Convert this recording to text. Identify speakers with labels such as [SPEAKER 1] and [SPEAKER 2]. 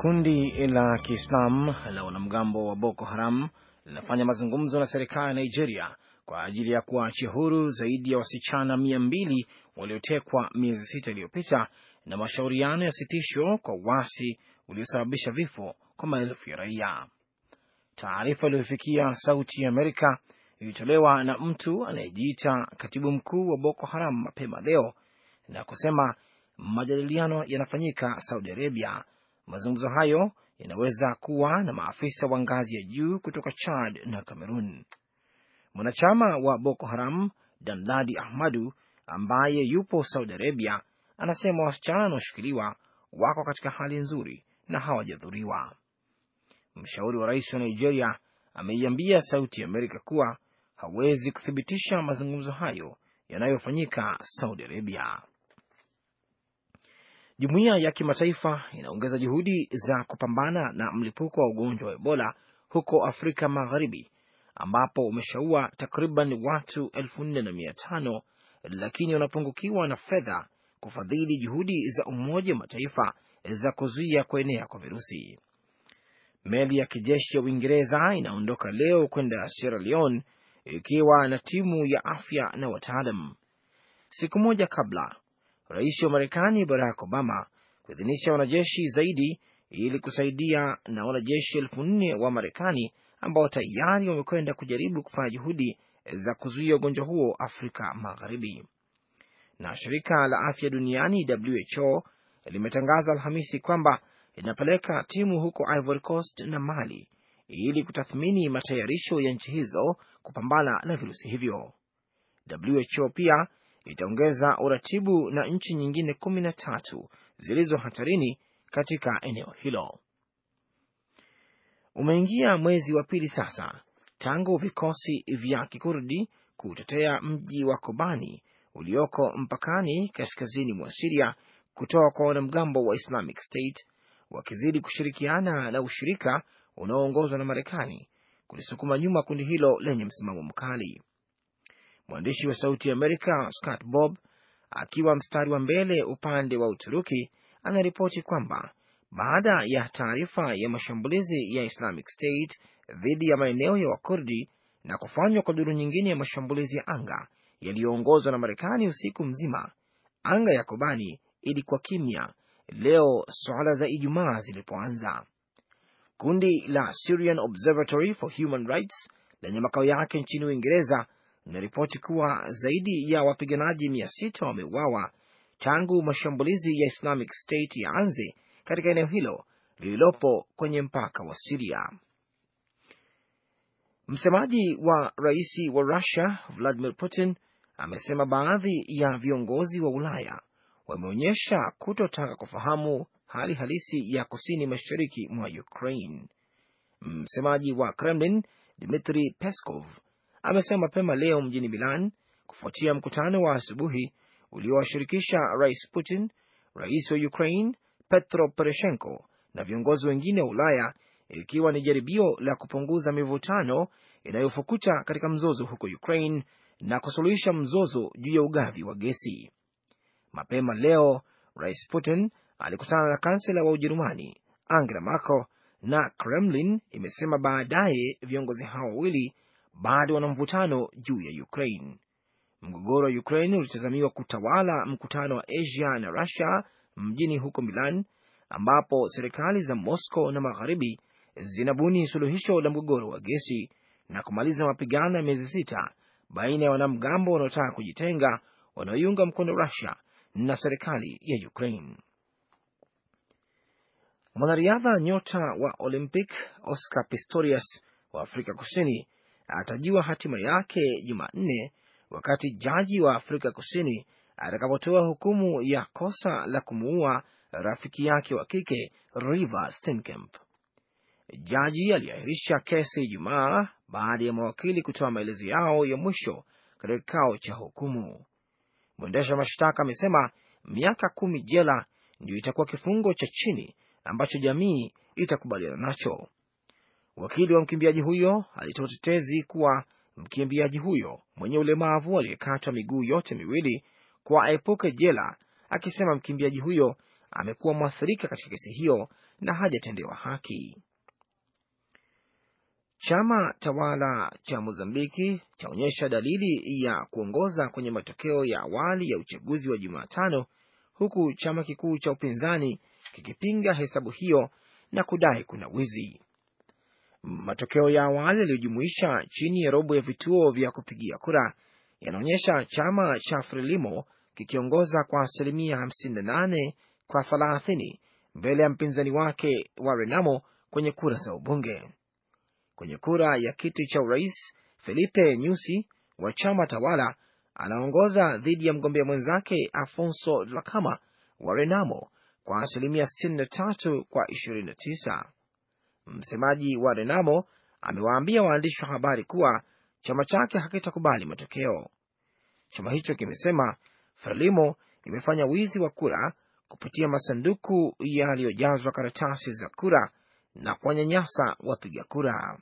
[SPEAKER 1] Kundi la Kiislam la wanamgambo wa Boko Haram linafanya mazungumzo na serikali ya Nigeria kwa ajili ya kuwaachia huru zaidi ya wasichana mia mbili waliotekwa miezi sita iliyopita na mashauriano ya sitisho kwa uasi uliosababisha vifo kwa maelfu ya raia. Taarifa iliyofikia Sauti ya Amerika ilitolewa na mtu anayejiita katibu mkuu wa Boko Haram mapema leo na kusema majadiliano yanafanyika Saudi Arabia Mazungumzo hayo yanaweza kuwa na maafisa wa ngazi ya juu kutoka Chad na Cameroon. Mwanachama wa Boko Haram Danladi Ahmadu ambaye yupo Saudi Arabia anasema wasichana wanaoshikiliwa wako katika hali nzuri na hawajadhuriwa. Mshauri wa rais wa Nigeria ameiambia Sauti ya Amerika kuwa hawezi kuthibitisha mazungumzo hayo yanayofanyika Saudi Arabia. Jumuiya ya kimataifa inaongeza juhudi za kupambana na mlipuko wa ugonjwa wa Ebola huko Afrika Magharibi ambapo umeshaua takriban watu elfu nne na mia tano lakini wanapungukiwa na fedha kufadhili juhudi za Umoja wa Mataifa za kuzuia kuenea kwa virusi. Meli ya kijeshi ya Uingereza inaondoka leo kwenda Sierra Leone ikiwa na timu ya afya na wataalam. Siku moja kabla rais wa Marekani Barack Obama kuidhinisha wanajeshi zaidi ili kusaidia na wanajeshi elfu nne wa Marekani ambao tayari wamekwenda kujaribu kufanya juhudi za kuzuia ugonjwa huo Afrika Magharibi. Na shirika la afya duniani WHO limetangaza Alhamisi kwamba linapeleka timu huko Ivory Coast na Mali ili kutathmini matayarisho ya nchi hizo kupambana na virusi hivyo. WHO pia itaongeza uratibu na nchi nyingine kumi na tatu zilizo hatarini katika eneo hilo. Umeingia mwezi wa pili sasa tangu vikosi vya Kikurdi kutetea mji wa Kobani ulioko mpakani kaskazini mwa Siria kutoka kwa wanamgambo wa Islamic State wakizidi kushirikiana na ushirika unaoongozwa na Marekani kulisukuma nyuma kundi hilo lenye msimamo mkali. Mwandishi wa Sauti ya Amerika Scott Bob akiwa mstari wa mbele upande wa Uturuki anaripoti kwamba baada ya taarifa ya mashambulizi ya Islamic State dhidi ya maeneo ya Wakurdi na kufanywa kwa duru nyingine ya mashambulizi ya anga yaliyoongozwa na Marekani usiku mzima, anga ya Kobani ilikuwa kimya leo swala za Ijumaa zilipoanza. Kundi la Syrian Observatory for Human Rights lenye makao yake nchini Uingereza inaripoti kuwa zaidi ya wapiganaji mia sita wameuawa tangu mashambulizi ya Islamic State yaanze katika eneo hilo lililopo kwenye mpaka wa Siria. Msemaji wa rais wa Russia Vladimir Putin amesema baadhi ya viongozi wa Ulaya wameonyesha kutotaka kufahamu hali halisi ya kusini mashariki mwa Ukraine. Msemaji wa Kremlin Dmitri Peskov amesema mapema leo mjini Milan kufuatia mkutano wa asubuhi uliowashirikisha Rais Putin, rais wa Ukraine Petro Poroshenko na viongozi wengine wa Ulaya, ikiwa ni jaribio la kupunguza mivutano inayofukuta katika mzozo huko Ukraine na kusuluhisha mzozo juu ya ugavi wa gesi. Mapema leo Rais Putin alikutana na kansela wa Ujerumani Angela Merkel na Kremlin imesema baadaye viongozi hao wawili bado wana mvutano juu ya Ukraine. Mgogoro wa Ukraine ulitazamiwa kutawala mkutano wa Asia na Russia mjini huko Milan, ambapo serikali za Moscow na magharibi zinabuni suluhisho la mgogoro wa gesi na kumaliza mapigano ya miezi sita baina ya wanamgambo wanaotaka kujitenga wanaoiunga mkono Russia na serikali ya Ukraine. Mwanariadha nyota wa Olympic Oscar Pistorius wa Afrika Kusini atajua hatima yake Jumanne wakati jaji wa Afrika Kusini atakapotoa hukumu ya kosa la kumuua rafiki yake wa kike Reeva Steenkamp. Jaji aliahirisha kesi Ijumaa baada ya mawakili kutoa maelezo yao ya mwisho katika kikao cha hukumu. Mwendesha mashtaka amesema miaka kumi jela ndio itakuwa kifungo cha chini ambacho jamii itakubaliana nacho. Wakili wa mkimbiaji huyo alitoa utetezi kuwa mkimbiaji huyo mwenye ulemavu aliyekatwa miguu yote miwili kwa aepuke jela, akisema mkimbiaji huyo amekuwa mwathirika katika kesi hiyo na hajatendewa haki. Chama tawala cha Mozambiki chaonyesha dalili ya kuongoza kwenye matokeo ya awali ya uchaguzi wa Jumatano, huku chama kikuu cha upinzani kikipinga hesabu hiyo na kudai kuna wizi. Matokeo ya awali yaliyojumuisha chini ya robo ya vituo vya kupigia kura yanaonyesha chama cha Frelimo kikiongoza kwa asilimia 58 kwa 30 mbele ya mpinzani wake wa Renamo kwenye kura za ubunge. Kwenye kura ya kiti cha urais, Felipe Nyusi wa chama tawala anaongoza dhidi ya mgombea mwenzake Afonso Dhlakama wa Renamo kwa asilimia 63 kwa 29. Msemaji wa Renamo amewaambia waandishi wa habari kuwa chama chake hakitakubali matokeo. Chama hicho kimesema Frelimo imefanya wizi wa kura kupitia masanduku yaliyojazwa karatasi za kura na kuwanyanyasa wapiga kura.